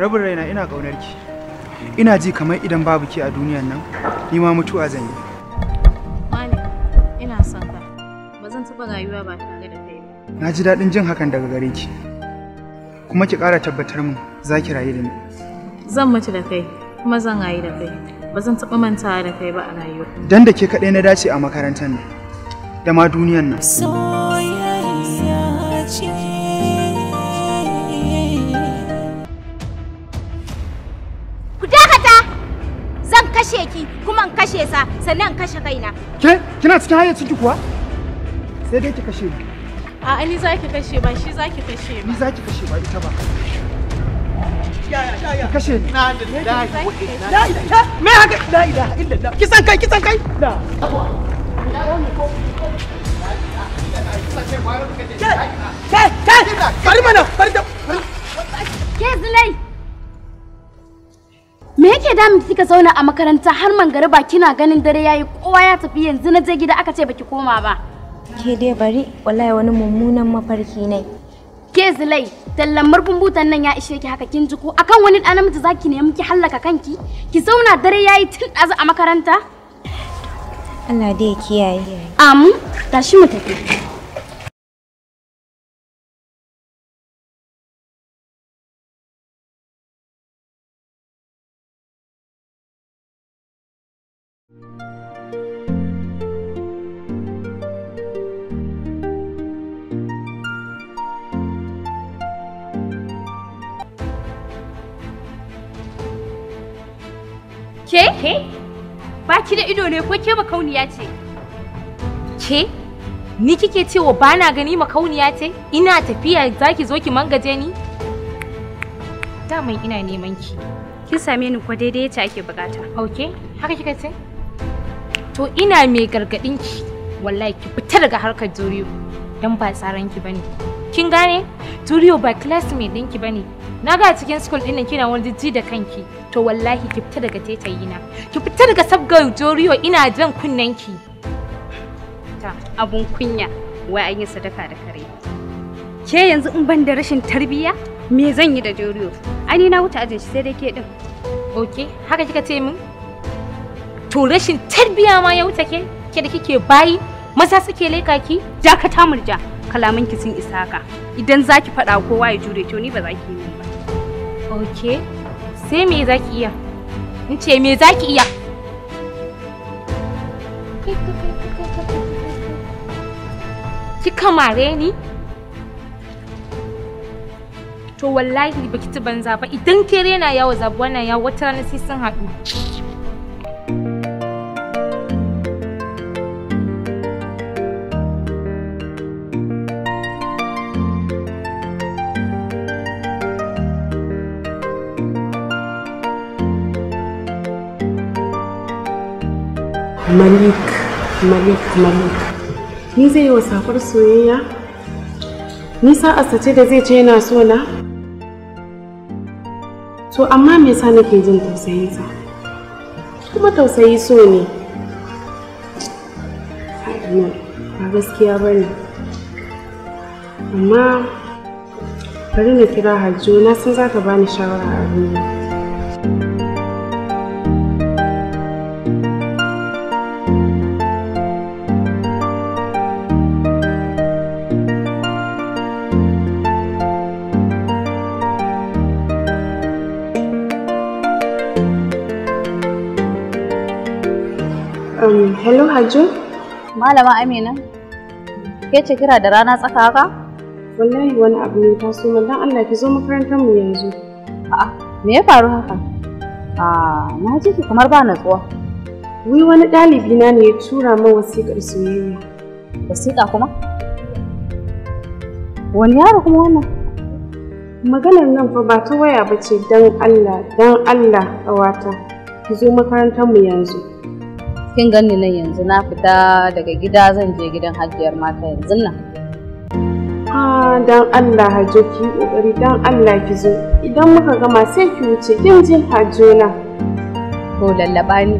rabin raina ina kaunar ki ina ji kamar idan babu ki a duniyan nan ni ma mutuwa zan yi malam ina son ka ba zan taɓa rayuwa ba tare da kai ba na ji daɗin jin hakan daga gare ki kuma ki ƙara tabbatar min za ki rayu da ni zan mutu da kai kuma zan rayu da kai ba zan taɓa mantawa da kai ba a rayuwa dan da ke kaɗai na dace a makarantar nan da ma duniyan nan kashe ki kuma in kashe sa sannan kashe kaina ke kina cikin hayyacin ki kuwa sai dai ki kashe ni a ni zaki kashe ba shi zaki kashe ba ni zaki kashe ba ita ba kashe ni na me haka kisan kai kisan kai kai kai bari mana bari da ke zulai me yake damin kika zauna a makaranta har ba kina ganin dare yayi kowa ya tafi yanzu na je gida aka ce baki koma ba ke dai bari wallahi wani mummunan mafarki ne ke zulai tallan murfin butan nan ya ishe ki haka kin ji ko akan wani dan namiji zaki nemi ki hallaka kanki ki zauna dare yayi tun ɗazu a makaranta Allah dai kiyaye amu tashi mu tafi Ke? Ke? Ba ki da ido ne ko ke makauniya ce? Ke? Ni kike cewa ba na gani makauniya ce? Ina tafiya za ki zo ki mangaje ni? Daman ina neman ki. Kin same ni ko daidai yace ake bukata. Okay, haka kika ce? to ina mai gargaɗin ki wallahi ki fita daga harkar duriyo don ba tsaron ki bane kin gane duriyo ba classmate ɗinki bane na ga cikin school ɗin nan kina wani jiji da kanki to wallahi ki fita daga tetayina ki fita daga sabgar duriyo ina jan kunnen ki ta abun kunya wai an yi sadaka da kare ke yanzu in ban da rashin tarbiyya me zan yi da duriyo ani na wuce ajin shi sai dai ke din okay haka kika ce min to rashin tarbiya ma ya wuce ke ke da kike bayi maza suke leka ki dakata murja kalaman ki sun isa ka idan zaki faɗa kowa ya jure to ni ba za ki yi ba okay sai me za ki iya in ce me za ki iya kika kamare ni to wallahi baki ci banza ba idan ke rena yawo zabuwa na ya wata rana sai sun haɗu malik malik malik ni zai yi wa safar soyayya nisa asace sace da zai ce yana so na to amma me yasa nake jin sa kuma tausayi so ne ba gaskiya ba amma bari na kira hajjo na san za ta bani shawara a duniya Hello Hajjo? Malama Amina, ke ce kira da rana tsaka ka? Wallahi wani abu ne taso min dan Allah ki zo makarantar mu yanzu. A'a, me ya faru haka? Ah, na ji ki kamar ba natsuwa. Wai wani dalibi na ne ya tura min wasiƙar soyayya. Wasiƙa kuma? Wani yaro kuma wannan? Maganar nan fa ba ta waya ba ce dan Allah, dan Allah ƙawata. Ki zo makarantar mu yanzu. kin ganni nan yanzu na fita daga gida zan je gidan hajiyar mata yanzu nan dan Allah hajjo ki kokari dan Allah ki zo idan muka gama sai ki wuce kin je hajjo na ko lallaba ni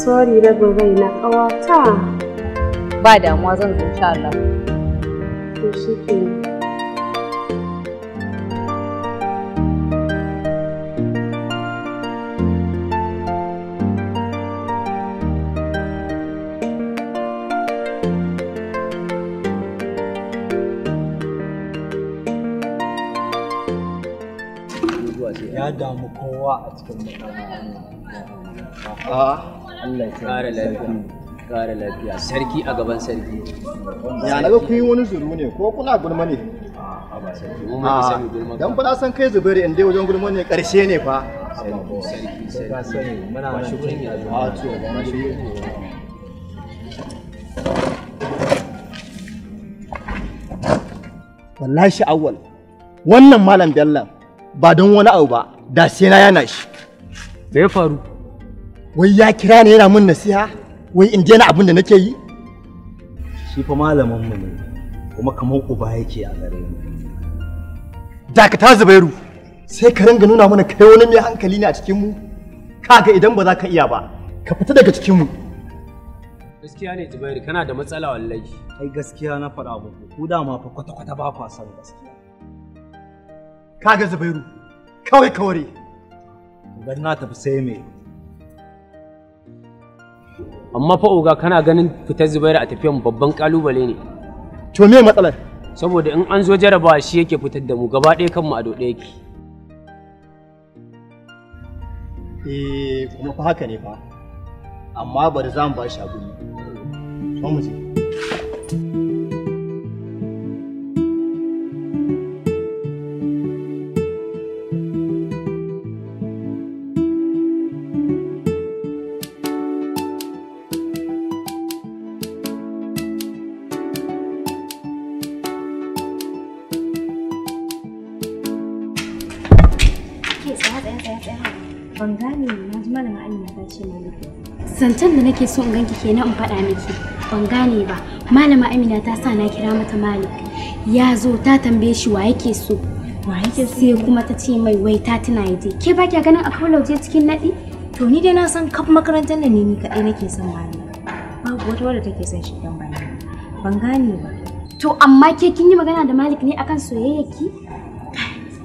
sorry rabin na kawata ba damuwa zan zo insha Allah to ke damu kowa a cikin mutane Allah ya kare lafiya kare lafiya sarki a gaban sarki ya na ga kun yi wani zuru ne ko kuna gulma ne dan ba san kai zubairu inda wajen gulma ne karshe ne fa sarki sarki muna ba shi kun ya zo a to ba shi wallahi awwal wannan malam bellan ba don wani abu ba da sai na yana shi da ya faru wai ya kira ni yana min nasiha wai in daina abin da nake yi shi fa malamin mu ne kuma kamar uba yake a gare mu dakata zubairu sai ka ringa nuna mana kai wani mai hankali ne a cikin mu kaga idan ba za ka iya ba ka fita daga cikin mu gaskiya ne Zubairu, kana da matsala wallahi ai gaskiya na faɗa muku ku da ma fa kwata kwata ba ku san gaskiya kaga Zubairu kawai kawari gani na tafi sai me amma fa oga kana ganin fitar zubairu a tafiyan babban kalubale ne to me matsalar saboda in an zo jarabawa shi yake fitar da mu gaba ɗaya kanmu a doɗe yake eh kuma fa haka ne fa amma bari za mu ba shi abu ne mu je nake so in ganki kenan in faɗa miki ban gane ba malama amina ta sa na kira mata malik ya zo ta tambaye shi wa yake so wa yake sai kuma ta ce mai wai ta tuna yaje ke ba kya ganin akwai lauje cikin nadi? to ni dai na san kaf makarantar nan ne ni kaɗai nake son malama babu wata wadda take son shi dan ban gane ba to amma ke kin yi magana da malik ne akan soyayyaki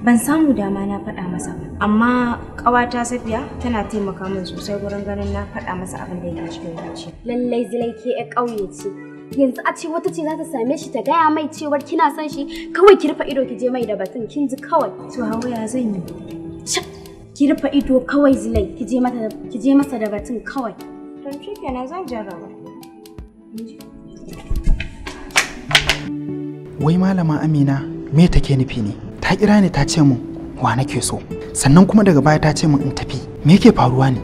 ban samu dama na faɗa masa ba amma ƙawata safiya tana taimaka min sosai wurin ganin na faɗa masa abin da yake cikin zuciya lallai zilai ke ya ƙauye ce yanzu a ce wata ce za ta same shi ta gaya mai cewar kina son shi kawai ki rufe ido ki je mai da batun kin ji kawai to hawa ya zan yi ki rufe ido kawai zilai ki je mata ki je masa da batun kawai shi kenan zan jarraba wai malama amina me take nufi ne ta kira ni ta ce min wa nake so sannan kuma daga baya ta ce min in tafi me yake faruwa ne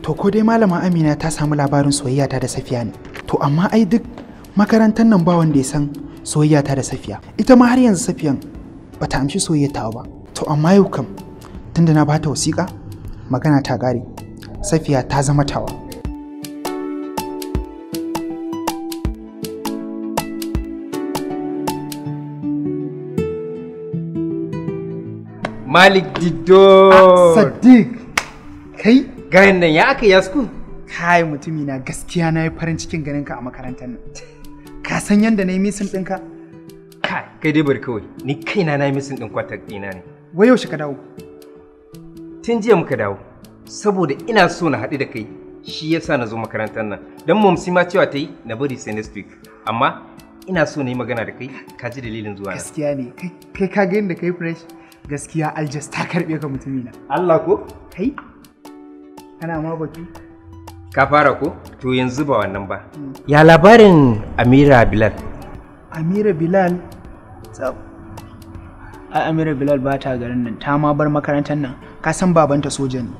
to ko dai malama amina ta samu labarin soyayyata da safiya ne to amma ai duk makarantar nan ba wanda ya san soyayya ta da safiya ita ma har yanzu safiyan ba ta amshi soyayya ta ba to amma yau kam tunda na bata wasiƙa magana ta ƙare safiya ta zama tawa Malik Diddo ah, Sadiq kai ganin nan ya aka yasku kai mutumi na gaskiya na yi farin cikin ganin ka a makarantar nan ka san yanda na yi misin ɗinka? Kai, kai dai bari kawai, ni kaina na yi misin ɗin kwata ɗina ne. Wai yaushe ka dawo? Tun jiya muka dawo, saboda ina so na haɗu da kai, shi yasa na zo makarantar nan. Don mom ma cewa ta yi, na bari sai next week. Amma ina so na yi magana da kai, ka ji dalilin zuwa Gaskiya ne, kai ka ga da kai fresh. Gaskiya Aljas ta karɓe ka mutumina. Allah ko? Kai? Ana ma baki? Ka fara ko? To yanzu ba wannan ba. Hmm. Ya labarin Amira Bilal? Amira Bilal? Ai Amira Bilal ba ta garin nan, ta ma bar makarantar nan. Ka san babanta soja ne.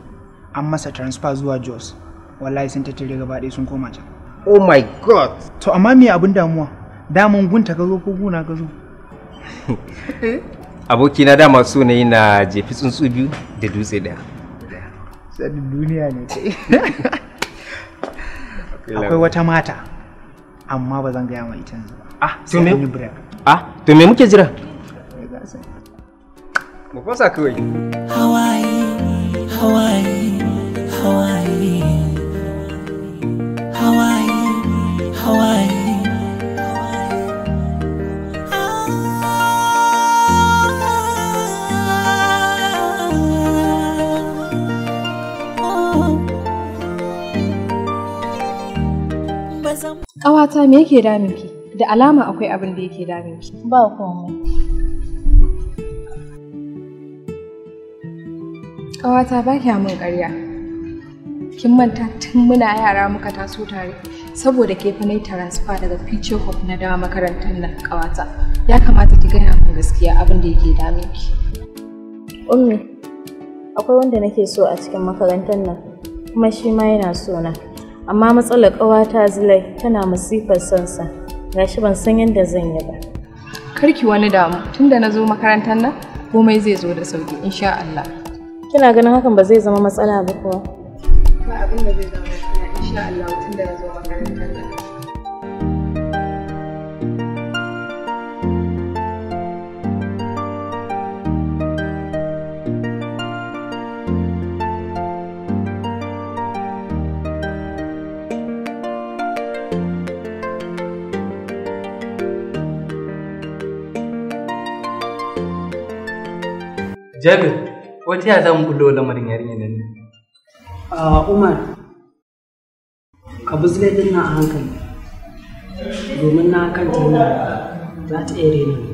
An masa transfer zuwa Jos. Wallahi sun tattare gaba ɗaya sun koma can. Oh my god! To amma me abin damuwa? Damun gunta ka zo ko guna ka zo? Abokina dama so na yi na jefi tsuntsu biyu da dutse daya. sai duniya ne kai. akwai wata mata amma ba zan gaya ma ita yanzu ah to me ah to me muke jira mu fasa kawai hawaye hawaye hawaye hawaye hawaye fata me yake daminki? Da alama akwai abin da yake daminki. Ba komai. Ƙawata ba kya min ƙarya. Kin manta tun muna yara muka taso tare saboda ke fa nai transfer daga Future Hope na dawa makarantar nan ƙawata. Ya kamata ki gaya min gaskiya abin da yake daminki. Ummi, akwai wanda nake so a cikin makarantar nan kuma shi ma yana so na. amma matsalar ƙawata zulai tana masifar sansa shi ban san yadda zan yi ba karki wani damu tunda na zo makarantar nan komai zai zo da sauki insha Allah kina ganin hakan ba zai zama matsala ba kuwa ba abin da zai zama matsala insha Allah tunda na zo makarantar nan Jabir, wata ya za mu bullo lamarin yarinyar nan ne? Umar, ka bi din na a hankali, domin na kan tana za ta iya rena.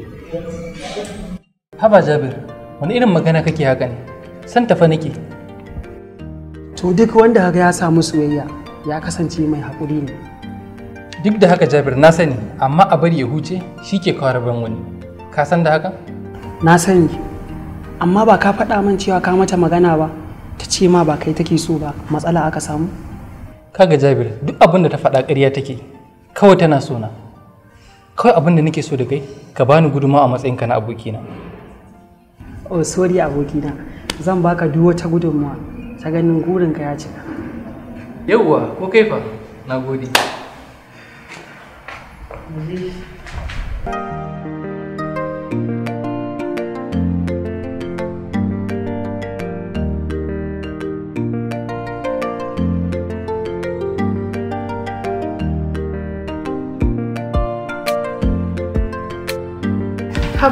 Haba Jabir, wani irin magana kake haka ne? San tafa nake. To duk wanda haka ya samu soyayya ya kasance mai haƙuri ne. Duk da haka Jabir na sani, amma a bari ya huce shi ke kawo ban wani. Ka san da haka? Na sani. amma ba ka faɗa min cewa ka mata magana ba ta ce ma ba kai take so ba matsala aka samu kaga jabir duk abin da ta faɗa ƙarya take kawai tana so na kawai abin da nake so da kai ka bani guduma a matsayin ka na abokina oh sorry abokina zan baka duk wata gudunmawa ta ganin gurin ka ya cika yauwa ko kai fa nagode Thank you.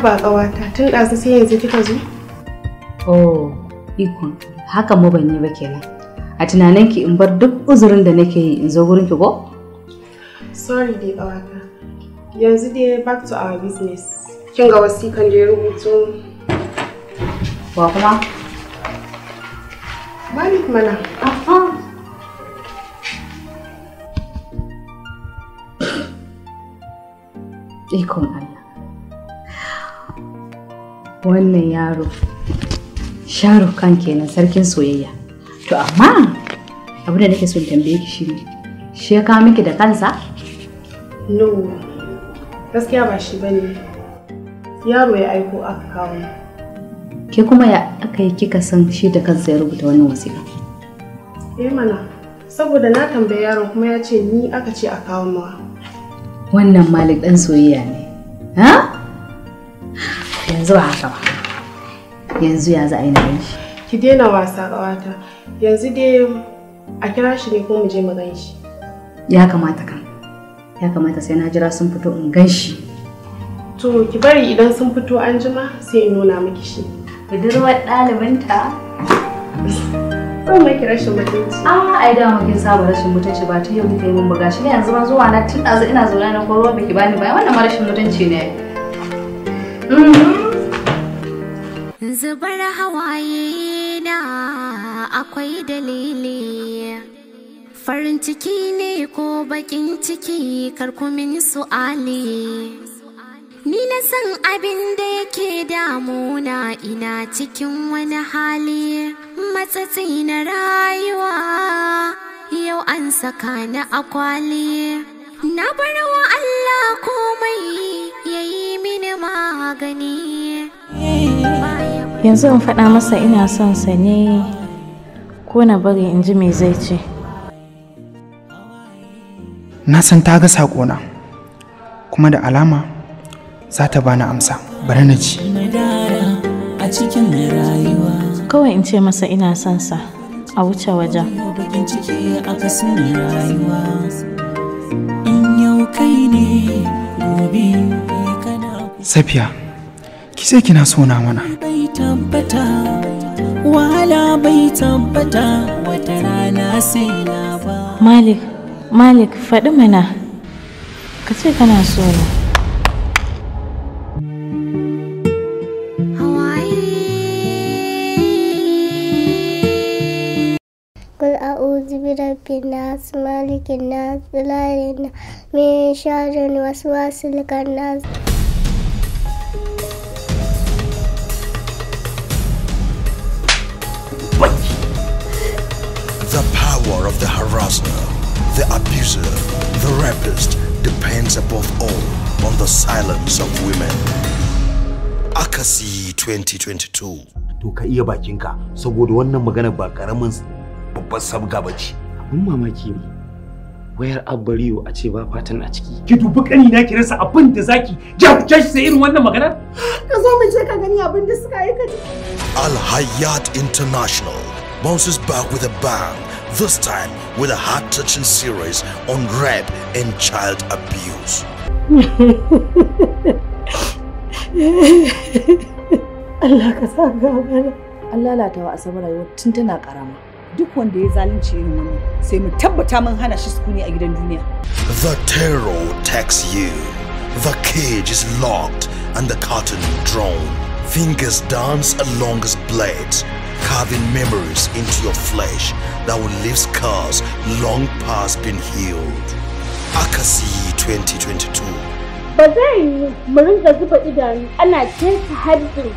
ba ƙawata tun ɗazu sai yanzu kika zo? Oh, iko, haka mu ban yi ba kenan. A tunanin ki in bar duk uzurin da nake yi in zo gurin ki ko? Sorry dai ƙawata. Yanzu dai back to our business. Kin ga wasikan da ya rubuto Wa kuma? Malik mana. Aha. Ikon Allah. wannan yaro sharuh khan kenan sarkin soyayya to amma abu da nake son tambaye ki shi ne shi ya kawo miki da kansa no gaskiya ba shi bane yaro ya aiko aka kawo ke kuma ya aka yi kika san shi da kansa ya rubuta wannan wasiƙa eh mana saboda na tambayi yaron kuma ya ce ni aka ce a kawo mawa wannan malik dan soyayya ne ha yanzu ba haka ba yanzu ya za a yi na shi ki daina wasa ƙawata yanzu dai a kira shi ne ko mu je mu gan shi ya kamata kan ya kamata sai na jira sun fito in gan shi to ki bari idan sun fito an jima sai in nuna miki shi budurwar ɗalibinta Kuma mai ki rashin mutunci. A ah, ai da mun saba rashin mutunci ba ta yau kika yi mun buga shi yanzu ma zuwa na tun ɗazu ina zaune na ko ruwa baki bani ba wannan ma rashin mutunci ne. Mm zubar hawaye na akwai dalili farin ciki ne ko bakin ciki karkumin su'ali ni na san abin da yake damuna ina cikin wani hali matsatsi na rayuwa yau an saka ni akwali yanzu in faɗa masa ina son sa ne ko na bari in ji me zai ce na san ta ga saƙona kuma da alama za ta bani amsa bari na ci kawai in ce masa ina son sa a wuce wajen safiya ki sai kina sona mana tabbata wala bai tabbata wata rana sai na ba malik malik faɗi mana ka ce kana so ne برب الناس مالك الناس إله الناس من شر الوسواس الخناس the harasser, the abuser, the rapist depends above all on the silence of women. Akasi 2022. To ka iya bakinka saboda wannan magana ba karamin babbar sabga ba ce. Abin mamaki ne. Wayar abbariyo a ce ba fatan a ciki. Ki dubi kani na ki rasa abin da zaki jahurce shi sai irin wannan magana? Ka zo mu je ka gani abin da suka aikata. Al Hayat International bounces back with a bang, this time with a heart touching series on rape and child abuse. Allah ka sa gabana. Allah latawa a samu rayuwar tun tana karama. Duk wanda ya zalunci irin wannan sai mu tabbata mun hana shi sukuni a gidan duniya. The terror takes you. The cage is locked and the curtain drawn. Fingers dance along his blades carving memories into your flesh that will leave scars long past being healed. Akasi 2022. Ba zan yi mu zuba idanu ana kesa harbin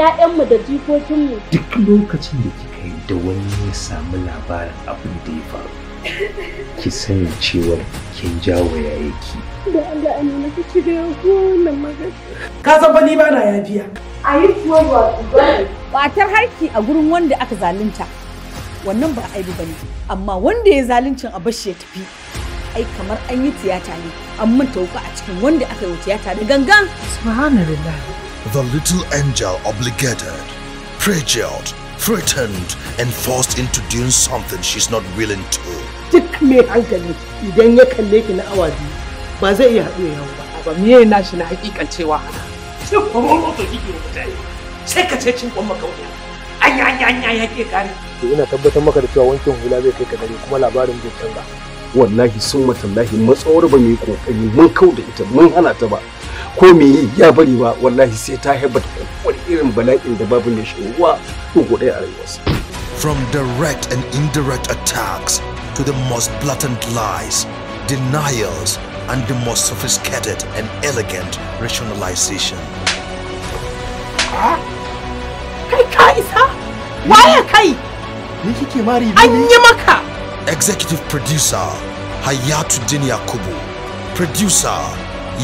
‘ya'yanmu da jikokinmu. Duk lokacin da kika yi da wani samu labarin abin da ki sani cewa kin jawo ki. Da Allah a nuna kake da wannan magana. Ka san ba ni ba na yafiya. A yi kuwa ba batar harki a gurin wanda aka zalunta wannan ba aibu ne, amma wanda ya zaluncin a bashi ya tafi ai kamar an yi tiyata ne an manta wuka a cikin wanda aka yi tiyata da gangan subhanallah the little angel obligated prejailed threatened and forced into doing something she's not willing to. Duk mai hankali idan ya kalle ki na awa biyu ba zai iya haɗu ya ba. Ba me na shi na hakikan cewa hana. kwamon wata kike mutane. sai ka cin kwan kawai, anya anya anya ya ke kare to ina tabbatar maka da cewa wankin hula zai kai ka gare kuma labarin zai canza wallahi sun matallahi matsawar ba mu yi kokari mun kau da ita mun hana ta ba ko me yi ya bari ba wallahi sai ta haibata kokowar irin bala'in da babu ne shigowa ko ɗaya a rayuwarsa. From direct and indirect attacks to the most blatant lies, denials, and the most sophisticated and elegant rationalization. Huh? kai ka isa waye kai ni kike mari an yi maka executive producer hayatu din yakubu producer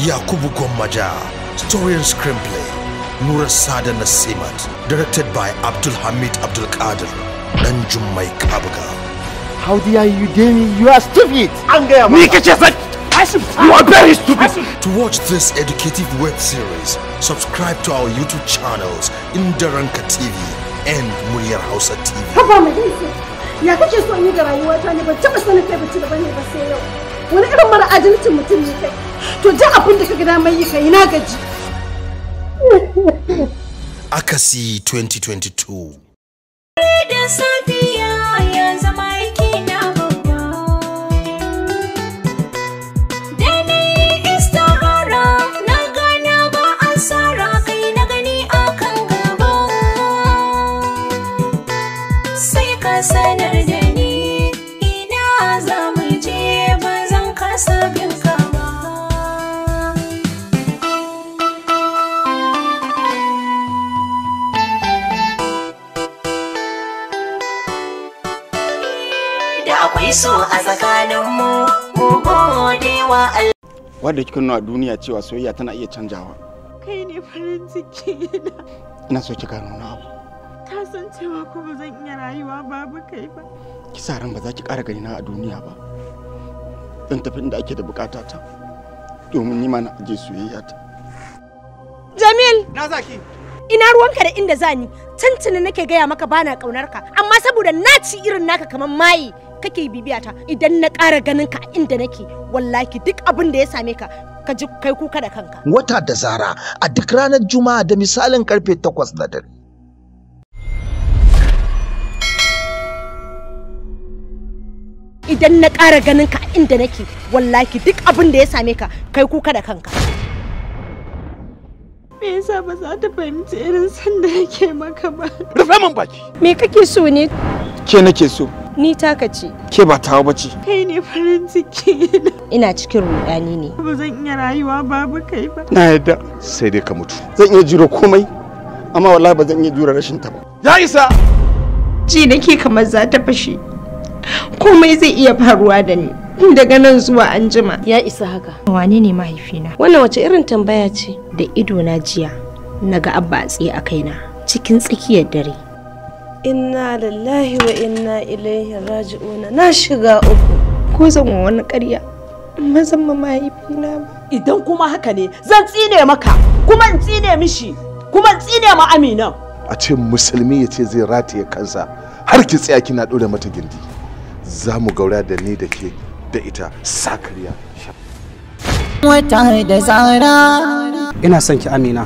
yakubu gwammaja story and screenplay nura sada nasimat directed by abdul hamid abdul qadir dan jummai kabuga how dare you dare me you are stupid an gaya ni kike sai Asim. You are very stupid. To watch this educative web series, subscribe to our YouTube channels Indaranka TV and Muriel Hausa TV. Haba Majalisa, ya kake so in yi da rayuwata ne ba taba sanin kai bace da bane ba sai yau. Wani irin mara adalcin mutum ne kai. To duk abin da kaga damar yi kai na gaji. Akasi 2022. so a tsakaninmu mu gode Allah. Wadda kika nuna duniya cewa soyayya tana iya canjawa. Kai ne farin ciki na. Ina so kika nuna abu. Ka san cewa ko ba zan iya rayuwa babu kai ba. ki sa ran ba za ki ƙara na a duniya ba. Zan tafi inda ake da bukata ta. Domin ni ma na aje soyayya ta. Jamil! Na zaki. Ina ruwanka da inda zani. Tantana nake gaya maka bana kaunar ka. Amma saboda na ci irin naka kamar maye. kake bibiya ta idan na ƙara ganin ka inda nake wallahi duk abin da ya same ka ka ji kai kuka da kanka wata da zara a duk ranar juma'a da misalin karfe 8 na dare idan na ƙara ganin ka inda nake wallahi duk abin da ya same ka kai kuka da kanka me yasa ba za ta fahimci irin sanda ya yake maka ba rufe min baki me kake so ne ke nake so ni taka ce ke ba ta ba ce. kai ne farin ciki ina cikin rudani ne ba zan iya rayuwa babu kai ba na yadda sai dai ka mutu zan iya jure komai amma wallahi ba zan iya jure rashin ta ba ya isa ji nake kamar za ta fashe komai zai iya faruwa da ni daga nan zuwa anjima ya isa haka wane ne mahaifina wannan wace irin tambaya ce da ido na jiya naga abba a tsaye a kaina cikin tsakiyar dare inna lillahi wa inna ilaihi raji'una na shiga uku ko zan wa wani ƙarya amma zan ma mahaifina ba idan kuma haka ne zan tsine maka kuma in tsine mishi kuma in tsine ma amina a ce musulmi ya ce zai rataye kansa har ki tsaya kina ɗora mata gindi za mu gaura da ni da ke da ita sakariya wata da zara ina son ki amina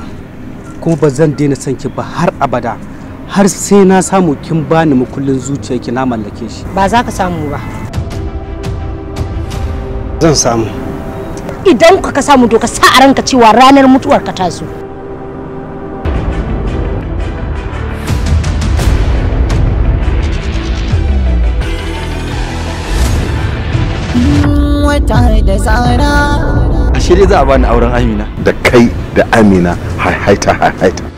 kuma ba zan daina son ki ba har abada har sai na samu kin bani makullin zuciyarki na mallake shi ba za ka samu ba zan samu idan ka samu to ka sa a ranka cewa ranar mutuwar ka ta zo za a bani auren amina da kai da amina haihaita haihaita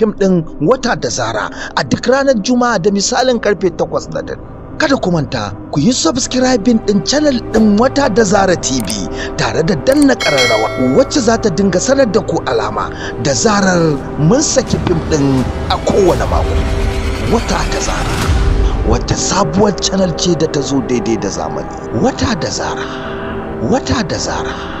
fim ɗin wata da zara a duk ranar juma'a da misalin karfe 8 na dare kada ku manta ku yi subscribe ɗin channel din wata da zara tv tare da danna kararrawa wacce za ta dinga sanar da ku alama da zarar mun saki fim ɗin a kowane mako wata da zara wata sabuwar channel ce da ta zo daidai da zamani wata da zara wata da zara